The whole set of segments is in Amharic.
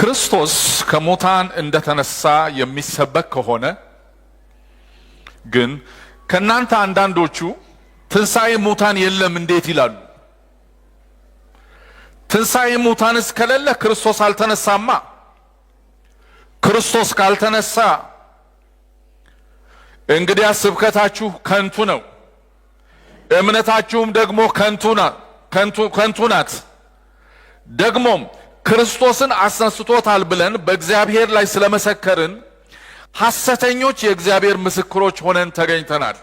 ክርስቶስ ከሙታን እንደተነሳ የሚሰበክ ከሆነ ግን ከእናንተ አንዳንዶቹ ትንሣኤ ሙታን የለም እንዴት ይላሉ? ትንሣኤ ሙታንስ ከሌለ ክርስቶስ አልተነሳማ። ክርስቶስ ካልተነሳ እንግዲያ ስብከታችሁ ከንቱ ነው፣ እምነታችሁም ደግሞ ከንቱ ናት። ደግሞም ክርስቶስን አስነስቶታል ብለን በእግዚአብሔር ላይ ስለመሰከርን ሐሰተኞች የእግዚአብሔር ምስክሮች ሆነን ተገኝተናል።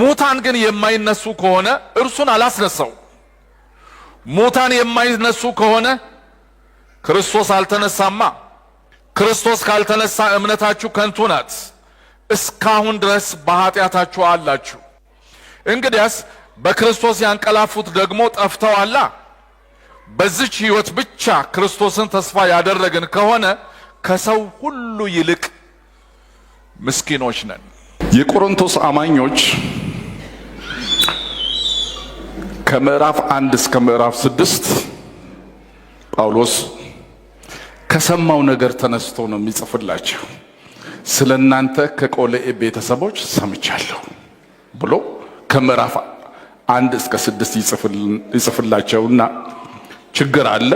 ሙታን ግን የማይነሱ ከሆነ እርሱን አላስነሳው። ሙታን የማይነሱ ከሆነ ክርስቶስ አልተነሳማ። ክርስቶስ ካልተነሳ እምነታችሁ ከንቱ ናት፣ እስካሁን ድረስ በኃጢአታችሁ አላችሁ። እንግዲያስ በክርስቶስ ያንቀላፉት ደግሞ ጠፍተው አላ በዚች ህይወት ብቻ ክርስቶስን ተስፋ ያደረግን ከሆነ ከሰው ሁሉ ይልቅ ምስኪኖች ነን። የቆሮንቶስ አማኞች ከምዕራፍ አንድ እስከ ምዕራፍ ስድስት ጳውሎስ ከሰማው ነገር ተነስቶ ነው የሚጽፍላቸው። ስለ እናንተ ከቆለኤ ቤተሰቦች ሰምቻለሁ ብሎ ከምዕራፍ አንድ እስከ ስድስት ይጽፍላቸውና ችግር አለ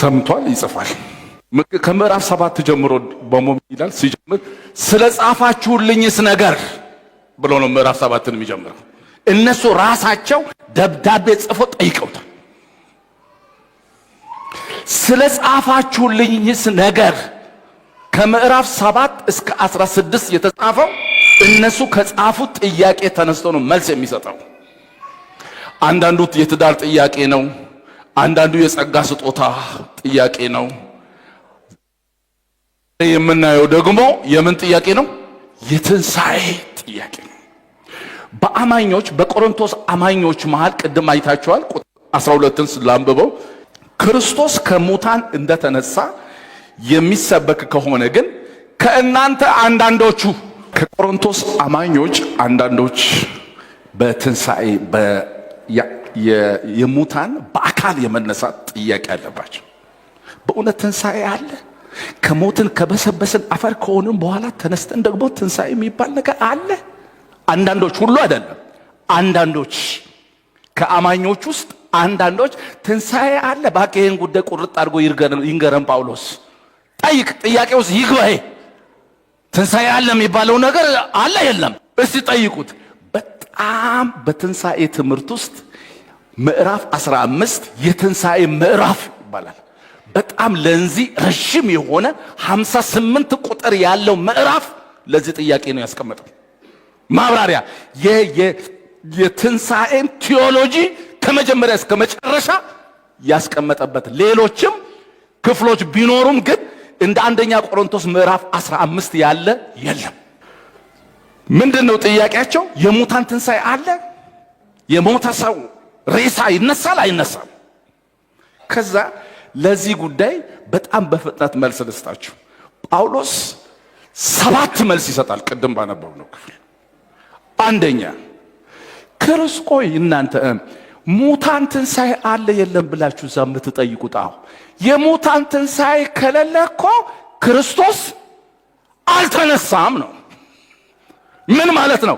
ሰምቷል፣ ይጽፋል። ከምዕራፍ ሰባት ጀምሮ በሞም ይላል ሲጀምር ስለ ጻፋችሁልኝስ ነገር ብሎ ነው ምዕራፍ ሰባትን የሚጀምረው። እነሱ ራሳቸው ደብዳቤ ጽፎ ጠይቀውታል። ስለ ጻፋችሁልኝስ ነገር ከምዕራፍ ሰባት እስከ አስራ ስድስት የተጻፈው እነሱ ከጻፉት ጥያቄ ተነስቶ ነው መልስ የሚሰጠው። አንዳንዱ የትዳር ጥያቄ ነው። አንዳንዱ የጸጋ ስጦታ ጥያቄ ነው። የምናየው ደግሞ የምን ጥያቄ ነው? የትንሣኤ ጥያቄ ነው። በአማኞች በቆሮንቶስ አማኞች መሃል ቅድም አይታችኋል። ቁጥር 12ን ስላንብበው ክርስቶስ ከሙታን እንደተነሳ የሚሰበክ ከሆነ ግን ከእናንተ አንዳንዶቹ ከቆሮንቶስ አማኞች አንዳንዶች በትንሣኤ የሙታን በአካል የመነሳት ጥያቄ አለባቸው። በእውነት ትንሣኤ አለ? ከሞትን ከበሰበስን አፈር ከሆንን በኋላ ተነስተን ደግሞ ትንሣኤ የሚባል ነገር አለ? አንዳንዶች፣ ሁሉ አይደለም፣ አንዳንዶች ከአማኞች ውስጥ አንዳንዶች ትንሣኤ አለ፣ እባክህ ይህን ጉዳይ ቁርጥ አድርጎ ይንገረን ጳውሎስ፣ ጠይቅ፣ ጥያቄ ውስጥ ይግባይ። ትንሣኤ አለ የሚባለው ነገር አለ የለም? እስቲ ጠይቁት። በጣም በትንሣኤ ትምህርት ውስጥ ምዕራፍ 15 የትንሣኤ ምዕራፍ ይባላል። በጣም ለዚህ ረዥም የሆነ 58 ቁጥር ያለው ምዕራፍ ለዚህ ጥያቄ ነው ያስቀመጠው። ማብራሪያ የትንሣኤን ቲዮሎጂ ከመጀመሪያ እስከ መጨረሻ ያስቀመጠበት ሌሎችም ክፍሎች ቢኖሩም ግን እንደ አንደኛ ቆሮንቶስ ምዕራፍ 15 ያለ የለም። ምንድን ነው ጥያቄያቸው? የሙታን ትንሣኤ አለ? የሞተ ሰው ሬሳ ይነሳል አይነሳም? ከዛ ለዚህ ጉዳይ በጣም በፍጥነት መልስ ልስጣችሁ። ጳውሎስ ሰባት መልስ ይሰጣል። ቅድም ባነበብነው ክፍል አንደኛ ክርስቶስ ቆይ እናንተ ሙታን ትንሣኤ አለ የለም ብላችሁ እዛ የምትጠይቁት አሁ የሙታን ትንሣኤ ከሌለ እኮ ክርስቶስ አልተነሳም ነው ምን ማለት ነው?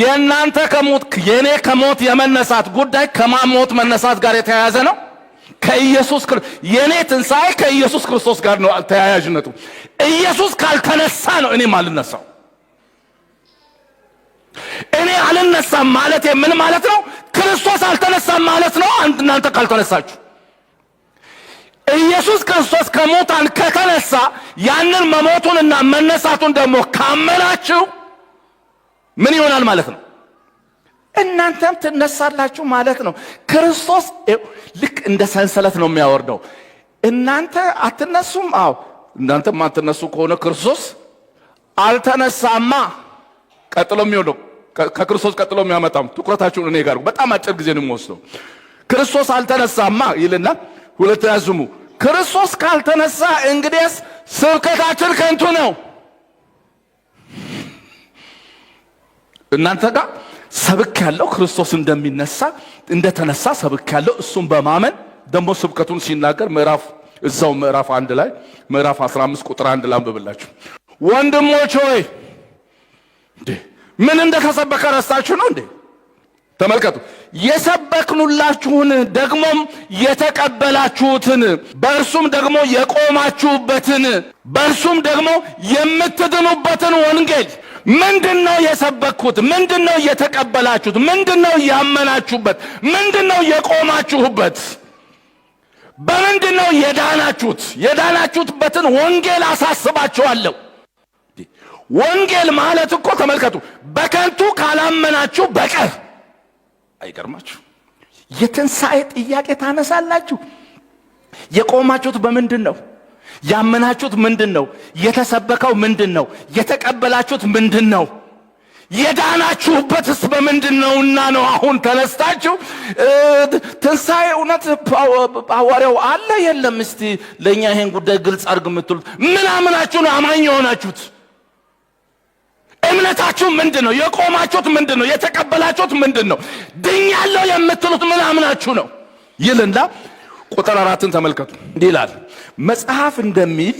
የእናንተ ከሞት የኔ ከሞት የመነሳት ጉዳይ ከማሞት መነሳት ጋር የተያያዘ ነው። ከኢየሱስ የኔ ትንሣኤ ከኢየሱስ ክርስቶስ ጋር ነው ተያያዥነቱ። ኢየሱስ ካልተነሳ ነው እኔም አልነሳው። እኔ አልነሳም ማለት ምን ማለት ነው? ክርስቶስ አልተነሳም ማለት ነው። እናንተ ካልተነሳችሁ ኢየሱስ ክርስቶስ ከሙታን ከተነሳ ያንን መሞቱንና መነሳቱን ደግሞ ካመናችሁ ምን ይሆናል ማለት ነው? እናንተም ትነሳላችሁ ማለት ነው። ክርስቶስ ልክ እንደ ሰንሰለት ነው የሚያወርደው። እናንተ አትነሱም? አዎ እናንተም አትነሱ ከሆነ ክርስቶስ አልተነሳማ። ቀጥሎ የሚወደው ከክርስቶስ ቀጥሎ የሚያመጣም ትኩረታችሁን እኔ ጋር በጣም አጭር ጊዜ ነው የሚወስደው። ክርስቶስ አልተነሳማ ይልና ሁለተኛ ዝሙ ክርስቶስ ካልተነሳ እንግዲያስ ስብከታችን ከንቱ ነው። እናንተ ጋር ሰብክ ያለው ክርስቶስ እንደሚነሳ እንደተነሳ ሰብክ ያለው እሱን በማመን ደግሞ ስብከቱን ሲናገር ምዕራፍ እዛው ምዕራፍ አንድ ላይ ምዕራፍ 15 ቁጥር አንድ ላይ አንብብላችሁ ወንድሞች ሆይ ምን እንደተሰበከ ረስታችሁ ነው እንዴ? ተመልከቱ። የሰበክኑላችሁን ደግሞም የተቀበላችሁትን በእርሱም ደግሞ የቆማችሁበትን በእርሱም ደግሞ የምትድኑበትን ወንጌል ምንድነው የሰበኩት? ምንድነው የተቀበላችሁት? ምንድነው ያመናችሁበት? ምንድነው የቆማችሁበት? በምንድነው የዳናችሁት? የዳናችሁትበትን ወንጌል አሳስባችኋለሁ። ወንጌል ማለት እኮ ተመልከቱ፣ በከንቱ ካላመናችሁ በቀር አይገርማችሁ። የትንሣኤ ጥያቄ ታነሳላችሁ። የቆማችሁት በምንድን ነው? ያመናችሁት ምንድን ነው? የተሰበከው ምንድን ነው? የተቀበላችሁት ምንድን ነው? የዳናችሁበትስ በምንድን ነውና ነው? አሁን ተነስታችሁ ትንሣኤ እውነት ሐዋርያው አለ የለም? እስቲ ለእኛ ይሄን ጉዳይ ግልጽ አድርግ የምትሉት ምናምናችሁ ነው? አማኝ የሆናችሁት እምነታችሁ ምንድን ነው? የቆማችሁት ምንድን ነው? የተቀበላችሁት ምንድን ነው? ድኛለሁ የምትሉት ምናምናችሁ ነው ይልና ቁጥር አራትን ተመልከቱ። እንዲህ ይላል መጽሐፍ እንደሚል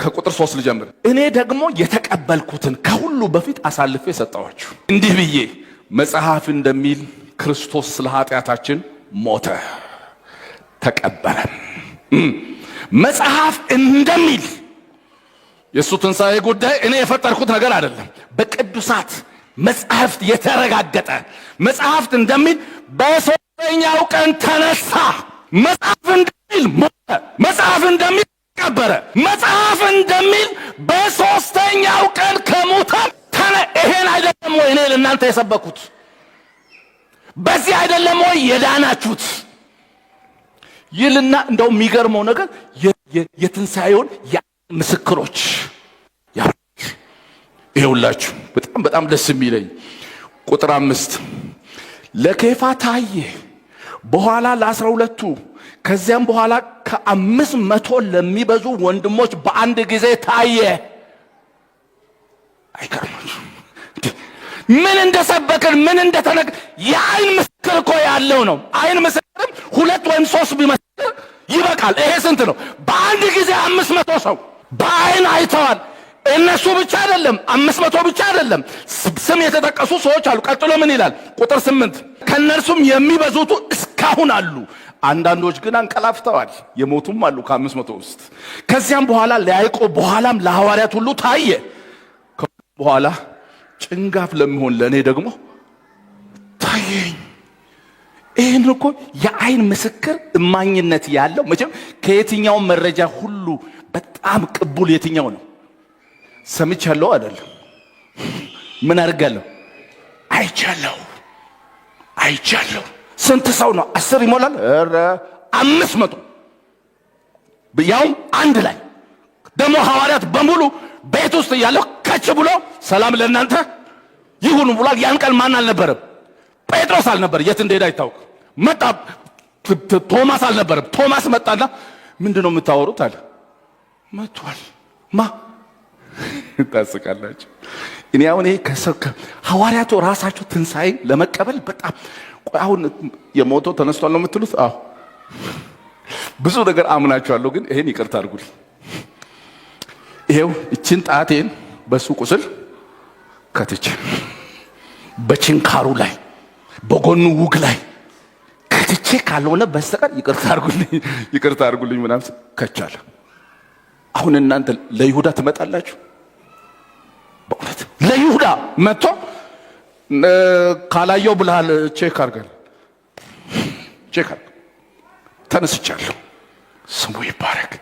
ከቁጥር ሶስት ልጀምር። እኔ ደግሞ የተቀበልኩትን ከሁሉ በፊት አሳልፌ የሰጠኋችሁ እንዲህ ብዬ መጽሐፍ እንደሚል ክርስቶስ ስለ ኃጢአታችን ሞተ፣ ተቀበረ። መጽሐፍ እንደሚል የእሱ ትንሣኤ ጉዳይ እኔ የፈጠርኩት ነገር አይደለም። በቅዱሳት መጽሐፍት የተረጋገጠ መጽሐፍት እንደሚል በሦስተኛው ቀን ተነሳ። መጽሐፍ እንደሚል ሞተ፣ መጽሐፍ እንደሚል ተቀበረ፣ መጽሐፍ እንደሚል በሶስተኛው ቀን ከሙታን ተነ። ይሄን አይደለም ወይ እኔ ለእናንተ የሰበኩት? በዚህ አይደለም ወይ የዳናችሁት? ይልና እንደው የሚገርመው ነገር የትንሣኤውን ምስክሮች ይኸውላችሁ በጣም በጣም ደስ የሚለኝ ቁጥር አምስት ለኬፋ ታየ በኋላ ለአስራ ሁለቱ ከዚያም በኋላ ከአምስት መቶ ለሚበዙ ወንድሞች በአንድ ጊዜ ታየ። አይገርማችሁ? ምን እንደሰበክን ምን እንደተነግ የአይን ምስክር እኮ ያለው ነው። አይን ምስክርም ሁለት ወይም ሶስት ቢመስክር ይበቃል። ይሄ ስንት ነው? በአንድ ጊዜ አምስት መቶ ሰው በአይን አይተዋል። እነሱ ብቻ አይደለም፣ አምስት መቶ ብቻ አይደለም። ስም የተጠቀሱ ሰዎች አሉ። ቀጥሎ ምን ይላል? ቁጥር ስምንት ከእነርሱም የሚበዙቱ እስካሁን አሉ። አንዳንዶች ግን አንቀላፍተዋል፣ የሞቱም አሉ ከአምስት መቶ ውስጥ። ከዚያም በኋላ ለያዕቆብ በኋላም ለሐዋርያት ሁሉ ታየ። በኋላ ጭንጋፍ ለሚሆን ለእኔ ደግሞ ታየኝ። ይህን እኮ የአይን ምስክር እማኝነት ያለው መቼም ከየትኛው መረጃ ሁሉ በጣም ቅቡል የትኛው ነው? ሰምቻለሁ አይደለም፣ ምን አድርጋለሁ? አይቻለሁ አይቻለሁ ስንት ሰው ነው? አስር ይሞላል። ኧረ አምስት መቶ ያውም አንድ ላይ ደግሞ ሐዋርያት በሙሉ ቤት ውስጥ ያለ ከች ብሎ ሰላም ለእናንተ ይሁኑ ብሏል። ያን ቀን ማን አልነበረም? ጴጥሮስ አልነበር። የት እንደሄደ አይታወቅ መጣ። ቶማስ አልነበረም። ቶማስ መጣና ምንድነው ነው የምታወሩት አለ። መቷል ማ ታስቃላችሁ። እኔ አሁን ይሄ ሐዋርያቱ ራሳቸው ትንሣኤ ለመቀበል በጣም አሁን የሞተው ተነስቷል ነው የምትሉት? አዎ ብዙ ነገር አምናችኋለሁ፣ ግን ይሄን ይቅርታ አድርጉልኝ። ይሄው እችን ጣቴን በሱ ቁስል ከትቼ በችንካሩ ላይ በጎኑ ውግ ላይ ከትቼ ካልሆነ በስተቀር ይቅርታ አድርጉልኝ፣ ይቅርታ አድርጉልኝ ምናምን ከቻለ አሁን እናንተ ለይሁዳ ትመጣላችሁ? በእውነት ለይሁዳ መጥቶ ካላየው ብልሃል ቼክ አርገል ቼክ አርገ ተነስቻለሁ። ስሙ ይባረክ።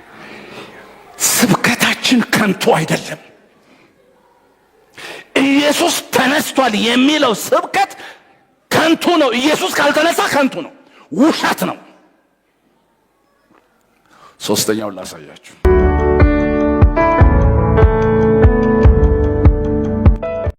ስብከታችን ከንቱ አይደለም። ኢየሱስ ተነስቷል የሚለው ስብከት ከንቱ ነው። ኢየሱስ ካልተነሳ ከንቱ ነው፣ ውሸት ነው። ሶስተኛውን ላሳያችሁ።